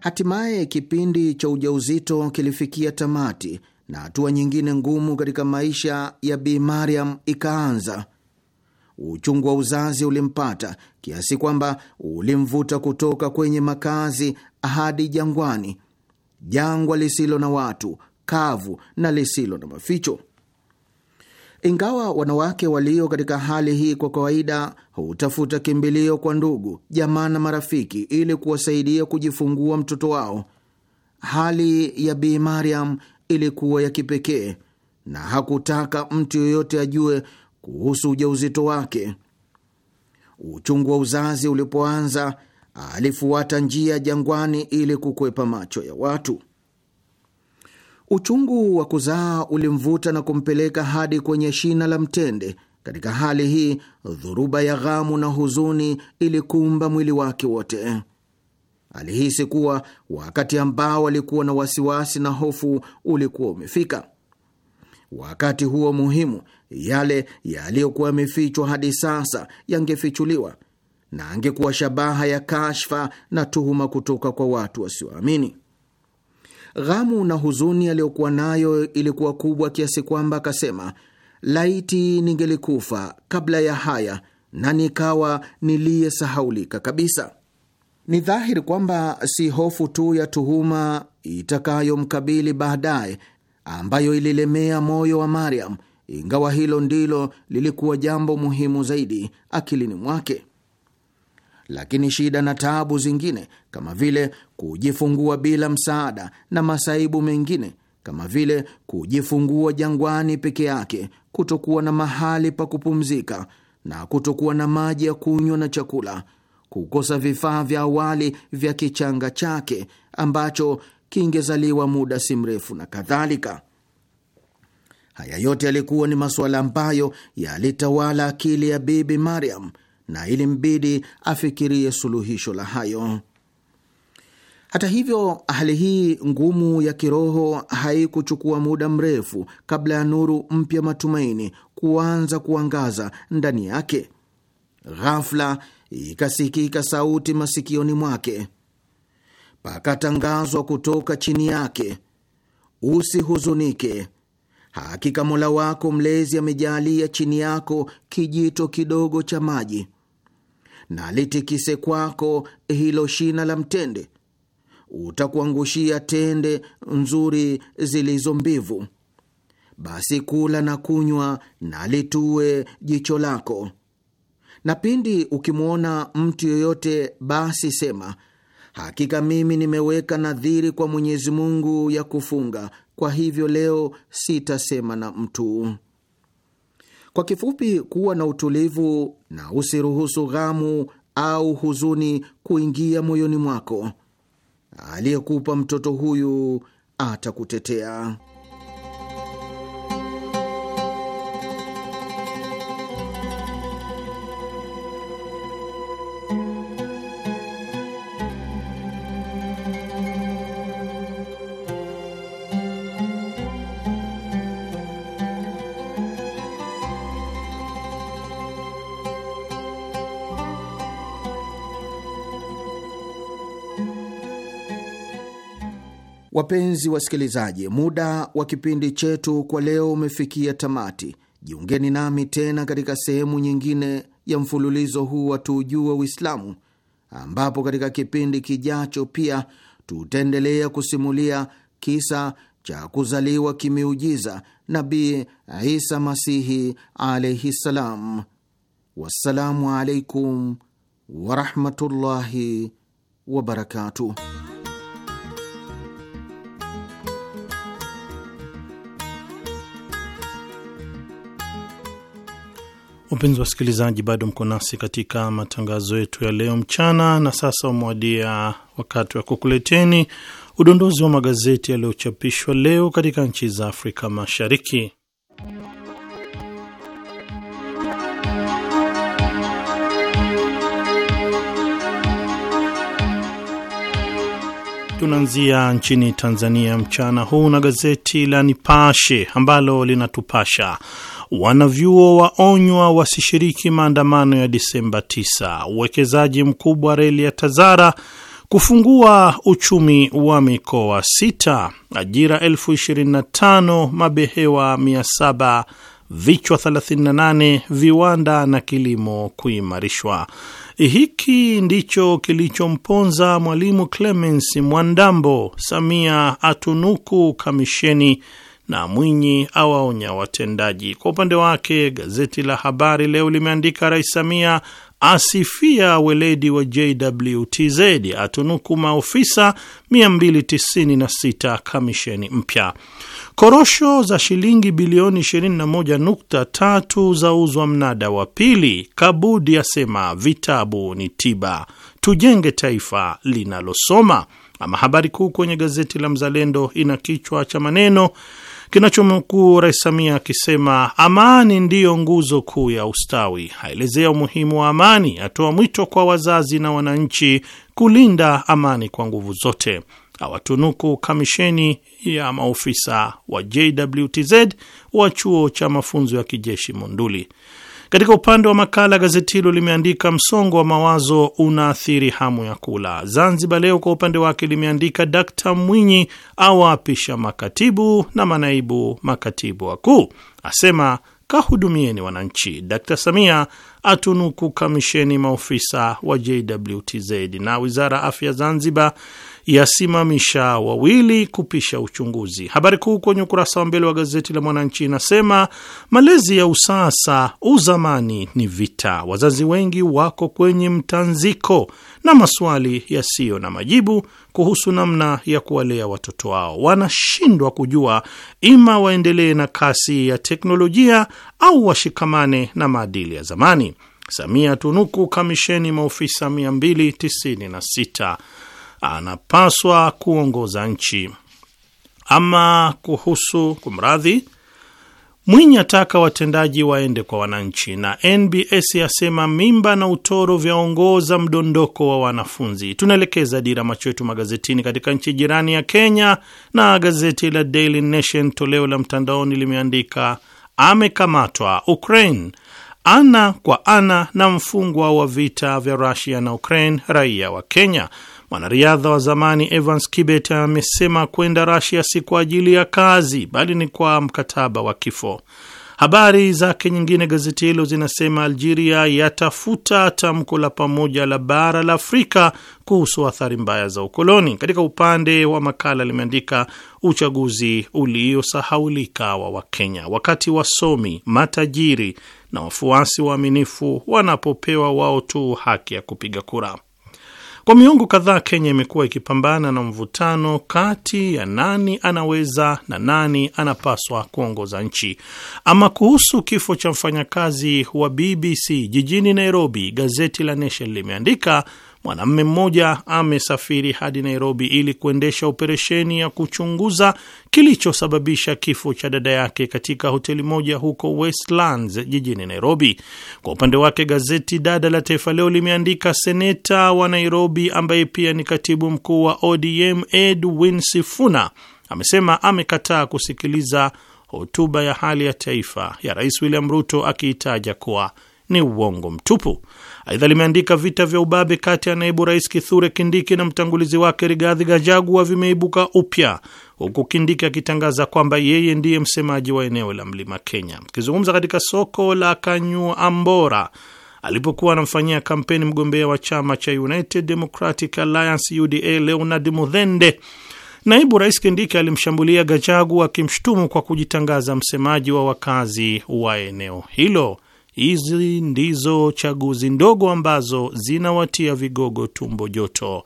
Hatimaye kipindi cha ujauzito kilifikia tamati na hatua nyingine ngumu katika maisha ya Bi Mariam ikaanza. Uchungu wa uzazi ulimpata kiasi kwamba ulimvuta kutoka kwenye makazi hadi jangwani, jangwa lisilo na watu, kavu na lisilo na maficho. Ingawa wanawake walio katika hali hii kwa kawaida hutafuta kimbilio kwa ndugu, jamaa na marafiki ili kuwasaidia kujifungua mtoto wao, hali ya Bi Mariam ilikuwa ya kipekee na hakutaka mtu yoyote ajue kuhusu ujauzito wake. Uchungu wa uzazi ulipoanza, alifuata njia jangwani ili kukwepa macho ya watu. Uchungu wa kuzaa ulimvuta na kumpeleka hadi kwenye shina la mtende. Katika hali hii, dhuruba ya ghamu na huzuni ilikumba mwili wake wote. Alihisi kuwa wakati ambao alikuwa na wasiwasi na hofu ulikuwa umefika. Wakati huo muhimu, yale yaliyokuwa yamefichwa hadi sasa yangefichuliwa na angekuwa shabaha ya kashfa na tuhuma kutoka kwa watu wasioamini. Ghamu na huzuni aliyokuwa nayo ilikuwa kubwa kiasi kwamba akasema, laiti ningelikufa kabla ya haya na nikawa niliyesahaulika kabisa. Ni dhahiri kwamba si hofu tu ya tuhuma itakayomkabili baadaye ambayo ililemea moyo wa Mariam, ingawa hilo ndilo lilikuwa jambo muhimu zaidi akilini mwake, lakini shida na taabu zingine kama vile kujifungua bila msaada na masaibu mengine kama vile kujifungua jangwani peke yake, kutokuwa na mahali pa kupumzika na kutokuwa na maji ya kunywa na chakula kukosa vifaa vya awali vya kichanga chake ambacho kingezaliwa muda si mrefu na kadhalika. Haya yote yalikuwa ni masuala ambayo yalitawala akili ya Bibi Mariam na ilimbidi afikirie suluhisho la hayo. Hata hivyo, hali hii ngumu ya kiroho haikuchukua muda mrefu kabla ya nuru mpya matumaini kuanza kuangaza ndani yake. Ghafla ikasikika sauti masikioni mwake, pakatangazwa kutoka chini yake, usihuzunike, hakika Mola wako Mlezi amejaalia chini yako kijito kidogo cha maji, na litikise kwako hilo shina la mtende, utakuangushia tende nzuri zilizo mbivu, basi kula na kunywa, na litue jicho lako na pindi ukimwona mtu yoyote, basi sema hakika mimi nimeweka nadhiri kwa Mwenyezi Mungu ya kufunga, kwa hivyo leo sitasema na mtu. Kwa kifupi, kuwa na utulivu na usiruhusu ghamu au huzuni kuingia moyoni mwako. Aliyekupa mtoto huyu atakutetea. Wapenzi wasikilizaji, muda wa kipindi chetu kwa leo umefikia tamati. Jiungeni nami tena katika sehemu nyingine ya mfululizo huu wa Tuujue Uislamu, ambapo katika kipindi kijacho pia tutaendelea kusimulia kisa cha kuzaliwa kimiujiza Nabii Isa Masihi alaihi ssalam. Wassalamu alaikum warahmatullahi wabarakatuh. Wapenzi wasikilizaji, bado mko nasi katika matangazo yetu ya leo mchana, na sasa umewadia wakati wa kukuleteni udondozi wa magazeti yaliyochapishwa leo katika nchi za Afrika Mashariki. Tunaanzia nchini Tanzania mchana huu na gazeti la Nipashe ambalo linatupasha Wanavyuo waonywa wasishiriki maandamano ya Disemba 9. Uwekezaji mkubwa reli ya Tazara kufungua uchumi wa mikoa 6. Ajira elfu 25, mabehewa 700, vichwa 38, viwanda na kilimo kuimarishwa. Hiki ndicho kilichomponza Mwalimu Clemens Mwandambo. Samia atunuku kamisheni na Mwinyi awaonya watendaji. Kwa upande wake, gazeti la Habari Leo limeandika Rais Samia asifia weledi wa JWTZ, atunuku maofisa 296 kamisheni mpya. Korosho za shilingi bilioni 21.3 zauzwa mnada wa pili. Kabudi asema vitabu ni tiba, tujenge taifa linalosoma. Ama habari kuu kwenye gazeti la Mzalendo ina kichwa cha maneno kinachomnukuu Rais Samia akisema amani ndiyo nguzo kuu ya ustawi. Aelezea umuhimu wa amani, atoa mwito kwa wazazi na wananchi kulinda amani kwa nguvu zote, awatunuku kamisheni ya maofisa wa JWTZ wa chuo cha mafunzo ya kijeshi Monduli. Katika upande wa makala, gazeti hilo limeandika msongo wa mawazo unaathiri hamu ya kula. Zanzibar Leo kwa upande wake limeandika d Mwinyi awaapisha makatibu na manaibu makatibu wakuu, asema kahudumieni wananchi. d Samia atunuku kamisheni maofisa wa JWTZ na wizara ya afya Zanzibar yasimamisha wawili kupisha uchunguzi. Habari kuu kwenye ukurasa wa mbele wa gazeti la Mwananchi inasema malezi ya usasa, uzamani ni vita, wazazi wengi wako kwenye mtanziko na maswali yasiyo na majibu kuhusu namna ya kuwalea watoto wao. Wanashindwa kujua ima waendelee na kasi ya teknolojia au washikamane na maadili ya zamani. Samia tunuku kamisheni maofisa 296 anapaswa kuongoza nchi. Ama kuhusu kumradhi, Mwinyi ataka watendaji waende kwa wananchi, na NBS yasema mimba na utoro vyaongoza mdondoko wa wanafunzi. Tunaelekeza dira macho yetu magazetini katika nchi jirani ya Kenya, na gazeti la Daily Nation toleo la mtandaoni limeandika amekamatwa Ukraine ana kwa ana na mfungwa wa vita vya Rusia na Ukraine, raia wa Kenya. Mwanariadha wa zamani Evans Kibet amesema kwenda Rasia si kwa ajili ya kazi, bali ni kwa mkataba wa kifo. Habari zake nyingine gazeti hilo zinasema Algeria yatafuta tamko la pamoja la bara la Afrika kuhusu athari mbaya za ukoloni. Katika upande wa makala limeandika uchaguzi uliosahaulika wa Wakenya, wakati wasomi, matajiri na wafuasi waaminifu wanapopewa wao tu haki ya kupiga kura. Kwa miongo kadhaa, Kenya imekuwa ikipambana na mvutano kati ya nani anaweza na nani anapaswa kuongoza nchi. Ama kuhusu kifo cha mfanyakazi wa BBC jijini Nairobi, gazeti la Nation limeandika mwanamme mmoja amesafiri hadi Nairobi ili kuendesha operesheni ya kuchunguza kilichosababisha kifo cha dada yake katika hoteli moja huko Westlands jijini Nairobi. Kwa upande wake, gazeti dada la Taifa Leo limeandika seneta wa Nairobi ambaye pia ni katibu mkuu wa ODM Edwin Sifuna amesema amekataa kusikiliza hotuba ya hali ya taifa ya Rais William Ruto akiitaja kuwa ni uongo mtupu. Aidha limeandika vita vya ubabe kati ya naibu rais Kithure Kindiki na mtangulizi wake Rigathi Gachagua vimeibuka upya huku Kindiki akitangaza kwamba yeye ndiye msemaji wa eneo la mlima Kenya. Akizungumza katika soko la Kanyuambora alipokuwa anamfanyia kampeni mgombea wa chama cha United Democratic Alliance UDA Leonard Mudhende, naibu rais Kindiki alimshambulia Gachagua akimshutumu kwa kujitangaza msemaji wa wakazi wa eneo hilo. Hizi ndizo chaguzi ndogo ambazo zinawatia vigogo tumbo joto,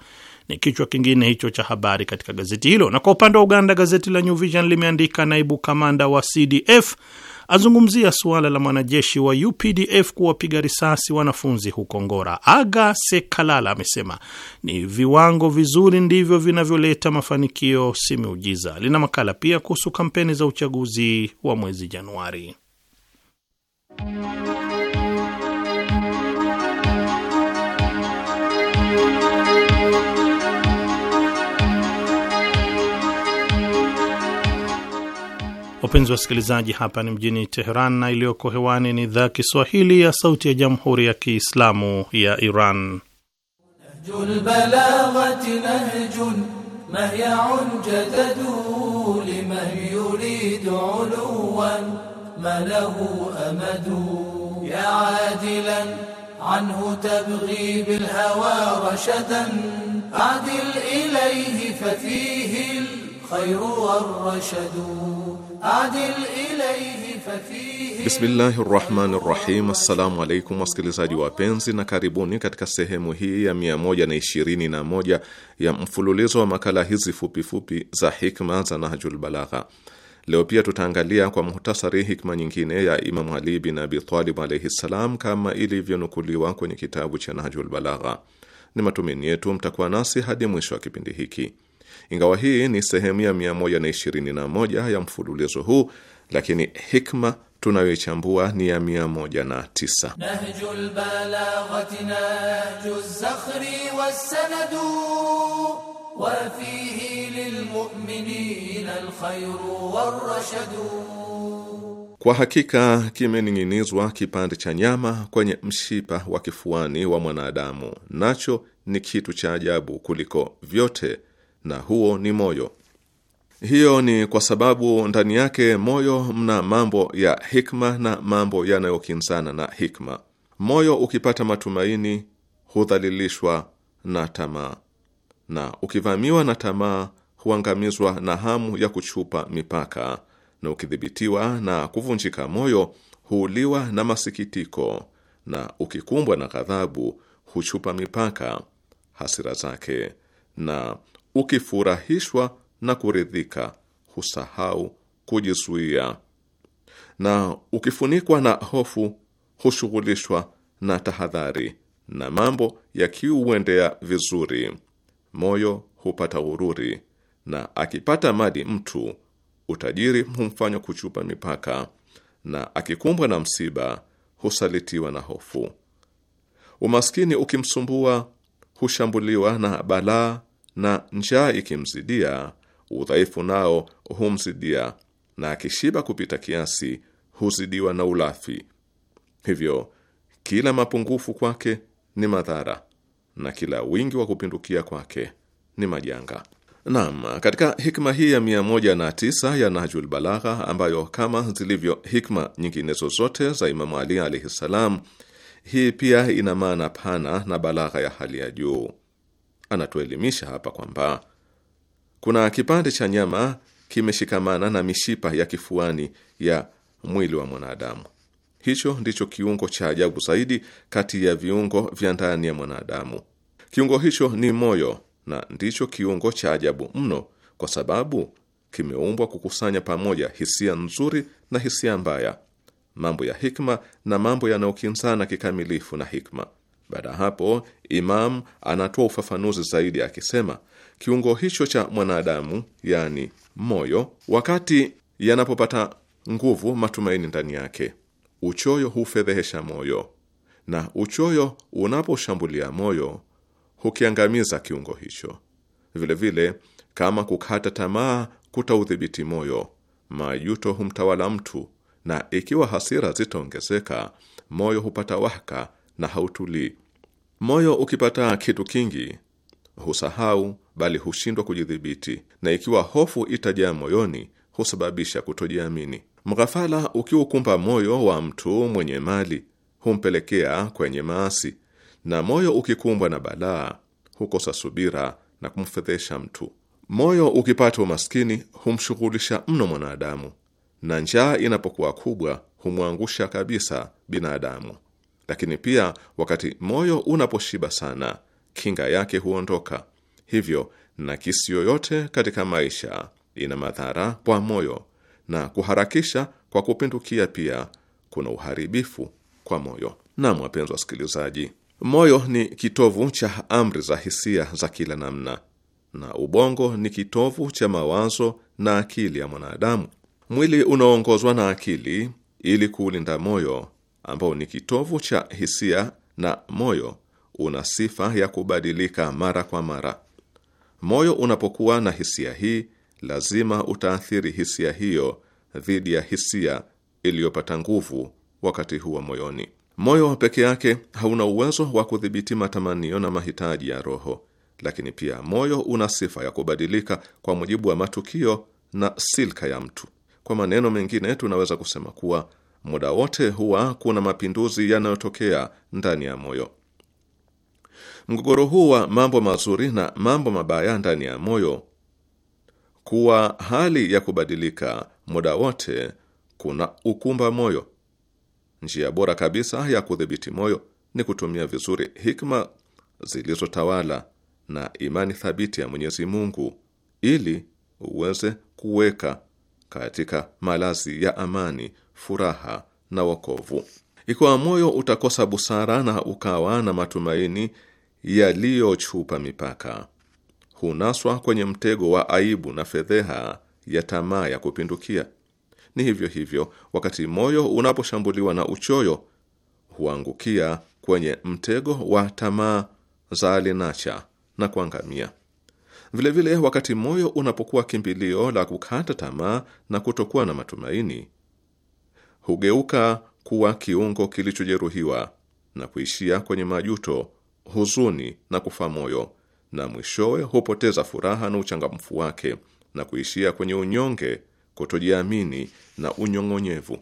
ni kichwa kingine hicho cha habari katika gazeti hilo. Na kwa upande wa Uganda, gazeti la New Vision limeandika naibu kamanda wa CDF azungumzia suala la mwanajeshi wa UPDF kuwapiga risasi wanafunzi huko Ngora. Aga Sekalala amesema ni viwango vizuri ndivyo vinavyoleta mafanikio, si miujiza. Lina makala pia kuhusu kampeni za uchaguzi wa mwezi Januari. Wapenzi wa wasikilizaji, hapa ni mjini Teheran na iliyoko hewani ni idhaa Kiswahili ya Sauti ya Jamhuri ya Kiislamu ya Iran. ما له أمد يا عادلا عنه تبغي بالهوى رشدا أعدل إليه ففيه الخير والرشد أعدل إليه ففيه Bismillahi rrahmani rrahim. Assalamu alaikum wasikilizaji wapenzi, na karibuni katika sehemu hii ya 121 ya mfululizo wa makala hizi fupifupi fupi za hikma za Nahjul Balagha. Leo pia tutaangalia kwa muhtasari hikma nyingine ya Imamu Ali bin Abi Talib alaihi ssalam, kama ilivyonukuliwa kwenye kitabu cha Nahjul Balagha. Ni matumaini yetu mtakuwa nasi hadi mwisho wa kipindi hiki. Ingawa hii ni sehemu ya 121 ya mfululizo huu, lakini hikma tunayoichambua ni ya 109 Nahjul Balagha, zakhri وفيه للمؤمنين الخير والرشد Kwa hakika kimening'inizwa kipande cha nyama kwenye mshipa wa kifuani wa mwanadamu, nacho ni kitu cha ajabu kuliko vyote, na huo ni moyo. Hiyo ni kwa sababu ndani yake moyo mna mambo ya hikma na mambo yanayokinzana na hikma. Moyo ukipata matumaini hudhalilishwa na tamaa, na ukivamiwa na tamaa huangamizwa na hamu ya kuchupa mipaka, na ukidhibitiwa na kuvunjika moyo huuliwa na masikitiko, na ukikumbwa na ghadhabu huchupa mipaka hasira zake, na ukifurahishwa na kuridhika husahau kujizuia, na ukifunikwa na hofu hushughulishwa na tahadhari, na mambo yakiuendea vizuri moyo hupata ghururi, na akipata mali mtu utajiri humfanya kuchupa mipaka, na akikumbwa na msiba husalitiwa na hofu. Umaskini ukimsumbua hushambuliwa na balaa, na njaa ikimzidia udhaifu nao humzidia, na akishiba kupita kiasi huzidiwa na ulafi. Hivyo kila mapungufu kwake ni madhara na kila wingi wa kupindukia kwake ni majanga. Naam, katika hikma hii ya 109 ya Nahjul Balagha, ambayo kama zilivyo hikma nyingine zozote za Imamu Ali alaihi ssalam, hii pia ina maana pana na balagha ya hali ya juu. Anatuelimisha hapa kwamba kuna kipande cha nyama kimeshikamana na mishipa ya kifuani ya mwili wa mwanadamu Hicho ndicho kiungo cha ajabu zaidi kati ya viungo vya ndani ya mwanadamu. Kiungo hicho ni moyo, na ndicho kiungo cha ajabu mno, kwa sababu kimeumbwa kukusanya pamoja hisia nzuri na hisia mbaya, mambo ya hikma na mambo yanayokinzana kikamilifu na hikma. Baada ya hapo, Imam anatoa ufafanuzi zaidi akisema, kiungo hicho cha mwanadamu, yaani moyo, wakati yanapopata nguvu matumaini ndani yake uchoyo hufedhehesha moyo, na uchoyo unaposhambulia moyo hukiangamiza kiungo hicho. Vilevile vile, kama kukata tamaa kutaudhibiti moyo, majuto humtawala mtu, na ikiwa hasira zitaongezeka, moyo hupata waka na hautulii. Moyo ukipata kitu kingi husahau, bali hushindwa kujidhibiti, na ikiwa hofu itajaa moyoni husababisha kutojiamini. Mghafala ukiukumba moyo wa mtu mwenye mali humpelekea kwenye maasi, na moyo ukikumbwa na balaa hukosa subira na kumfedhesha mtu. Moyo ukipata umaskini humshughulisha mno mwanadamu, na njaa inapokuwa kubwa humwangusha kabisa binadamu. Lakini pia wakati moyo unaposhiba sana, kinga yake huondoka. Hivyo nakisi yoyote katika maisha ina madhara kwa moyo na kuharakisha kwa kupindukia pia kuna uharibifu kwa moyo. Naam, wapenzi wasikilizaji, moyo ni kitovu cha amri za hisia za kila namna na ubongo ni kitovu cha mawazo na akili ya mwanadamu. Mwili unaongozwa na akili ili kuulinda moyo ambao ni kitovu cha hisia, na moyo una sifa ya kubadilika mara kwa mara. Moyo unapokuwa na hisia hii, lazima utaathiri hisia hiyo dhidi ya hisia iliyopata nguvu wakati huo moyoni. Moyo wa peke yake hauna uwezo wa kudhibiti matamanio na mahitaji ya roho, lakini pia moyo una sifa ya kubadilika kwa mujibu wa matukio na silka ya mtu. Kwa maneno mengine, tunaweza kusema kuwa muda wote huwa kuna mapinduzi yanayotokea ndani ya moyo. Mgogoro huu wa mambo mazuri na mambo mabaya ndani ya moyo kuwa hali ya kubadilika muda wote kuna ukumba moyo. Njia bora kabisa ya kudhibiti moyo ni kutumia vizuri hikma zilizotawala na imani thabiti ya Mwenyezi Mungu ili uweze kuweka katika malazi ya amani, furaha na wokovu. Ikiwa moyo utakosa busara na ukawa na matumaini yaliyochupa mipaka, hunaswa kwenye mtego wa aibu na fedheha ya tamaa ya kupindukia. Ni hivyo hivyo, wakati moyo unaposhambuliwa na uchoyo, huangukia kwenye mtego wa tamaa za alinacha na kuangamia. Vilevile vile, wakati moyo unapokuwa kimbilio la kukata tamaa na kutokuwa na matumaini, hugeuka kuwa kiungo kilichojeruhiwa na kuishia kwenye majuto, huzuni na kufa moyo na mwishowe hupoteza furaha na uchangamfu wake na kuishia kwenye unyonge, kutojiamini na unyong'onyevu.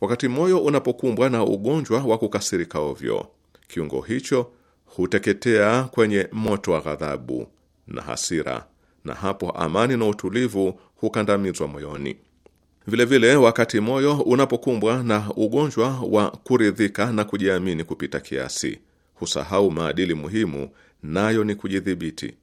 Wakati moyo unapokumbwa na ugonjwa wa kukasirika ovyo, kiungo hicho huteketea kwenye moto wa ghadhabu na hasira, na hapo amani na utulivu hukandamizwa moyoni. Vilevile vile, wakati moyo unapokumbwa na ugonjwa wa kuridhika na kujiamini kupita kiasi, husahau maadili muhimu nayo ni kujidhibiti.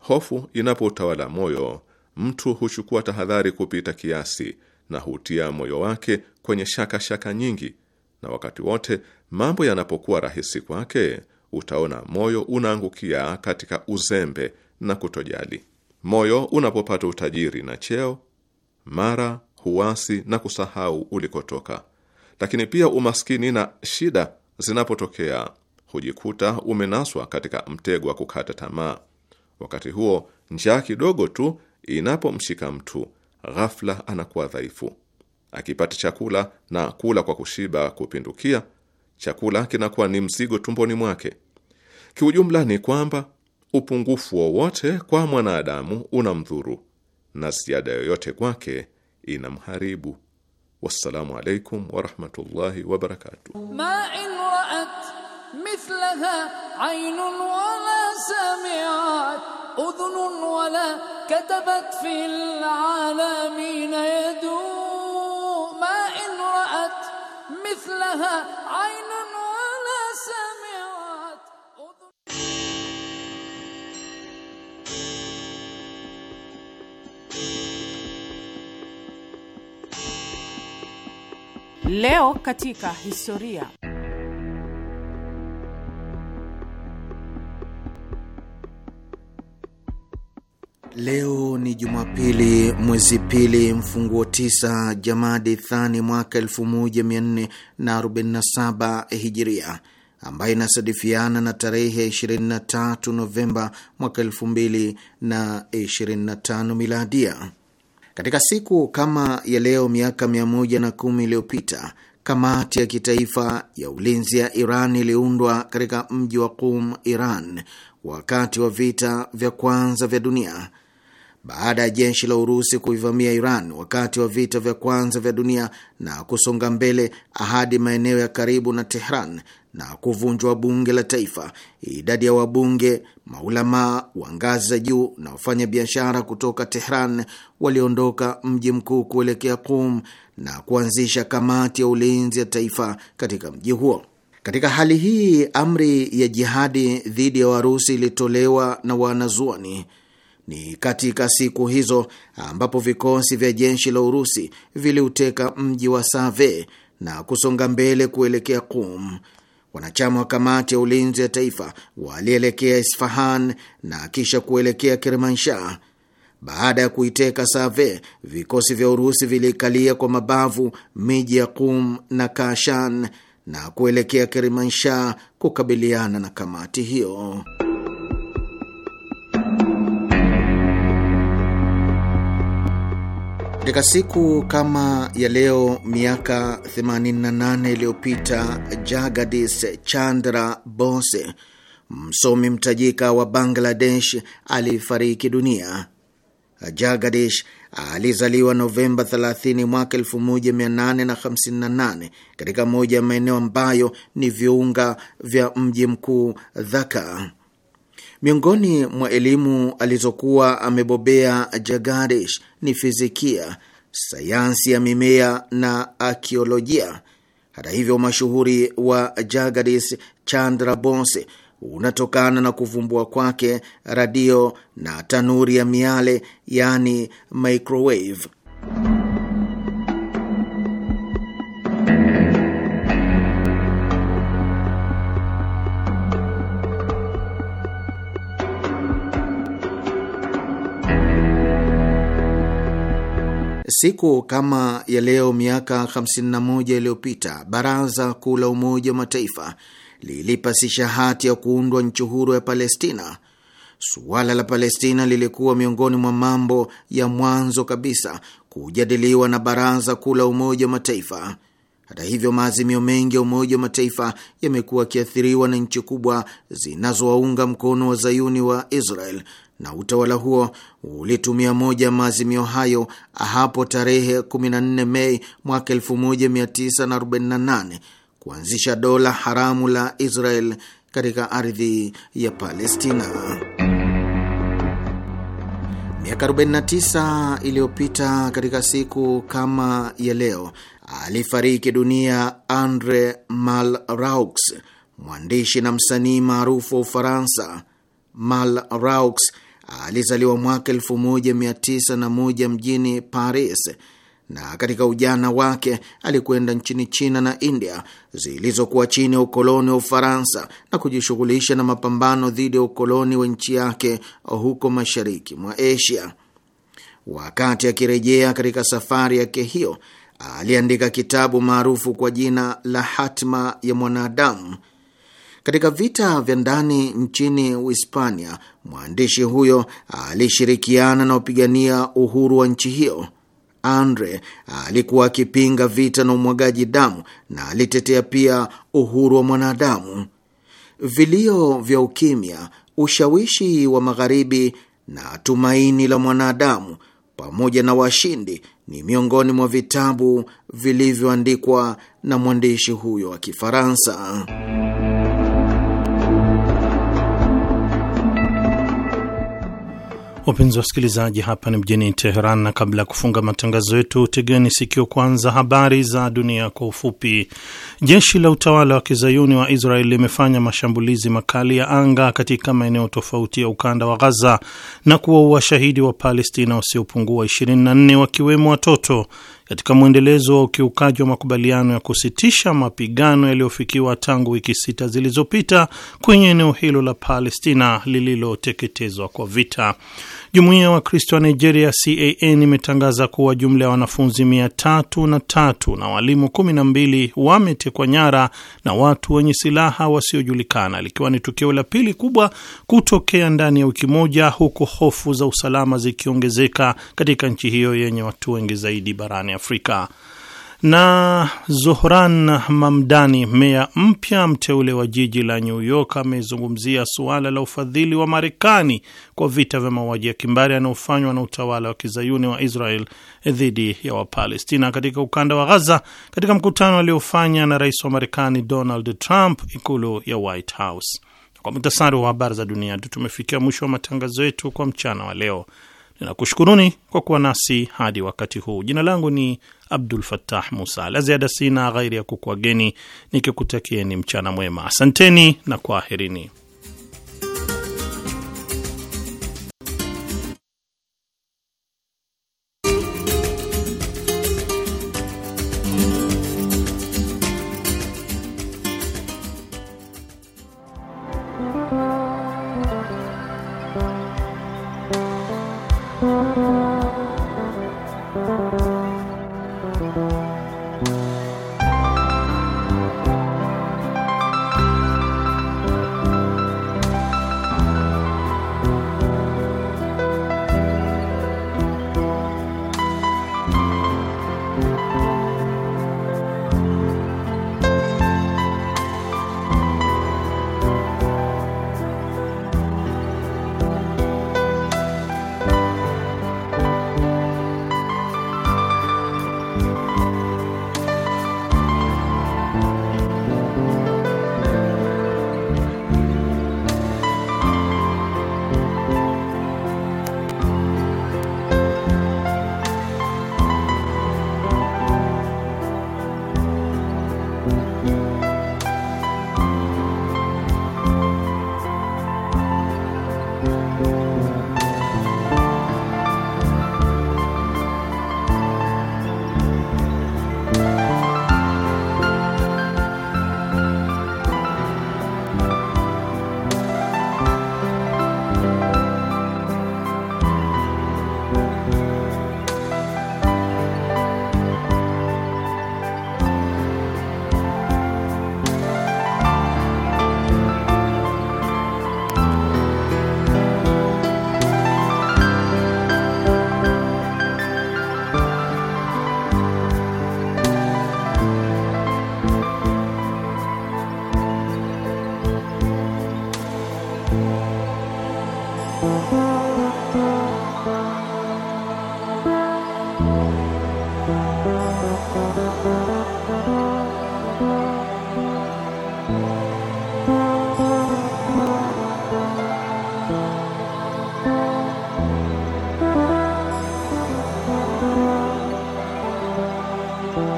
Hofu inapoutawala moyo, mtu huchukua tahadhari kupita kiasi na hutia moyo wake kwenye shaka shaka nyingi, na wakati wote mambo yanapokuwa rahisi kwake, utaona moyo unaangukia katika uzembe na kutojali. Moyo unapopata utajiri na cheo, mara huwasi na kusahau ulikotoka. Lakini pia umaskini na shida zinapotokea hujikuta umenaswa katika mtego wa kukata tamaa. Wakati huo njaa kidogo tu inapomshika mtu, ghafla anakuwa dhaifu. Akipata chakula na kula kwa kushiba kupindukia, chakula kinakuwa ni mzigo tumboni mwake. Kiujumla ni kwamba upungufu wowote kwa mwanadamu unamdhuru na ziada yoyote kwake inamharibu. Wassalamu alaikum warahmatullahi wabarakatuh. مثلها عين ولا سمعت أذن ولا كتبت في العالمين يدوم ما إن رأت مثلها عين ولا سمعت Leo katika historia Leo ni Jumapili, mwezi pili mfunguo tisa Jamadi Thani mwaka 1447 Hijiria, ambayo inasadifiana na tarehe 23 Novemba mwaka 2025 Miladia. Katika siku kama ya leo miaka 110 iliyopita Kamati ya kitaifa ya ulinzi ya Iran iliundwa katika mji wa Qum, Iran, wakati wa vita vya kwanza vya dunia baada ya jeshi la Urusi kuivamia Iran wakati wa vita vya kwanza vya dunia na kusonga mbele hadi maeneo ya karibu na Tehran na kuvunjwa bunge la taifa, idadi ya wabunge, maulamaa wa ngazi za juu na wafanya biashara kutoka Tehran waliondoka mji mkuu kuelekea Qum na kuanzisha kamati ya ulinzi ya taifa katika mji huo. Katika hali hii, amri ya jihadi dhidi ya Warusi ilitolewa na wanazuoni ni katika siku hizo ambapo vikosi vya jeshi la Urusi viliuteka mji wa Save na kusonga mbele kuelekea Qum. Wanachama wa kamati ya ulinzi ya taifa walielekea Isfahan na kisha kuelekea Kirimansha. Baada ya kuiteka Save, vikosi vya Urusi viliikalia kwa mabavu miji ya Qum na Kashan na kuelekea Kirimansha kukabiliana na kamati hiyo. Katika siku kama ya leo miaka 88 iliyopita Jagadish Chandra Bose, msomi mtajika wa Bangladesh, alifariki dunia. Jagadish alizaliwa Novemba 30 mwaka 1858 katika moja ya maeneo ambayo ni viunga vya mji mkuu Dhaka. Miongoni mwa elimu alizokuwa amebobea Jagadish ni fizikia, sayansi ya mimea na akiolojia. Hata hivyo, mashuhuri wa Jagadish Chandra Bose unatokana na kuvumbua kwake radio na tanuri ya miale, yaani microwave. Siku kama ya leo miaka 51 iliyopita Baraza Kuu la Umoja wa Mataifa lilipasisha hati ya kuundwa nchi huru ya Palestina. Suala la Palestina lilikuwa miongoni mwa mambo ya mwanzo kabisa kujadiliwa na Baraza Kuu la Umoja wa Mataifa. Hata hivyo, maazimio mengi ya Umoja wa Mataifa yamekuwa yakiathiriwa na nchi kubwa zinazowaunga mkono wa zayuni wa Israel na utawala huo ulitumia moja maazimio hayo hapo tarehe 14 Mei mwaka 1948 kuanzisha dola haramu la Israel katika ardhi ya Palestina. Miaka 49 iliyopita katika siku kama ya leo alifariki dunia Andre Malraux, mwandishi na msanii maarufu wa Ufaransa. Malraux Alizaliwa mwaka 1901 mjini Paris na katika ujana wake alikwenda nchini China na India zilizokuwa chini ya ukoloni wa Ufaransa na kujishughulisha na mapambano dhidi ya ukoloni wa nchi yake huko mashariki mwa Asia. Wakati akirejea katika safari yake hiyo, aliandika kitabu maarufu kwa jina la Hatma ya Mwanadamu katika vita vya ndani nchini Uhispania, mwandishi huyo alishirikiana na wapigania uhuru wa nchi hiyo. Andre alikuwa akipinga vita na umwagaji damu na alitetea pia uhuru wa mwanadamu. Vilio vya ukimya, ushawishi wa Magharibi na tumaini la mwanadamu pamoja na washindi ni miongoni mwa vitabu vilivyoandikwa na mwandishi huyo wa Kifaransa. Wapenzi wasikilizaji, hapa ni mjini Teheran, na kabla ya kufunga matangazo yetu, tegeni sikio kwanza habari za dunia kwa ufupi. Jeshi la utawala wa kizayuni wa Israel limefanya mashambulizi makali ya anga katika maeneo tofauti ya ukanda wa Ghaza na kuwaua shahidi wa Palestina wasiopungua 24 wakiwemo watoto katika mwendelezo wa ukiukaji wa makubaliano ya kusitisha mapigano yaliyofikiwa tangu wiki sita zilizopita kwenye eneo hilo la Palestina lililoteketezwa kwa vita. Jumuiya ya Wakristo wa Nigeria CAN imetangaza kuwa jumla ya wanafunzi mia tatu na tatu na walimu kumi na mbili wametekwa nyara na watu wenye silaha wasiojulikana, likiwa ni tukio la pili kubwa kutokea ndani ya wiki moja, huku hofu za usalama zikiongezeka katika nchi hiyo yenye watu wengi zaidi barani Afrika. Na Zuhran Mamdani, meya mpya mteule wa jiji la New York, amezungumzia suala la ufadhili wa Marekani kwa vita vya mauaji ya kimbari yanayofanywa na utawala wa kizayuni wa Israel dhidi ya Wapalestina katika ukanda wa Ghaza, katika mkutano aliofanya na rais wa Marekani Donald Trump ikulu ya White House. Kwa muhtasari wa habari za dunia tu, tumefikia mwisho wa matangazo yetu kwa mchana wa leo. Ninakushukuruni kwa kuwa nasi hadi wakati huu. Jina langu ni Abdul Fattah Musa. La ziada sina ghairi ya kukuageni nikikutakieni mchana mwema. Asanteni na kwaherini.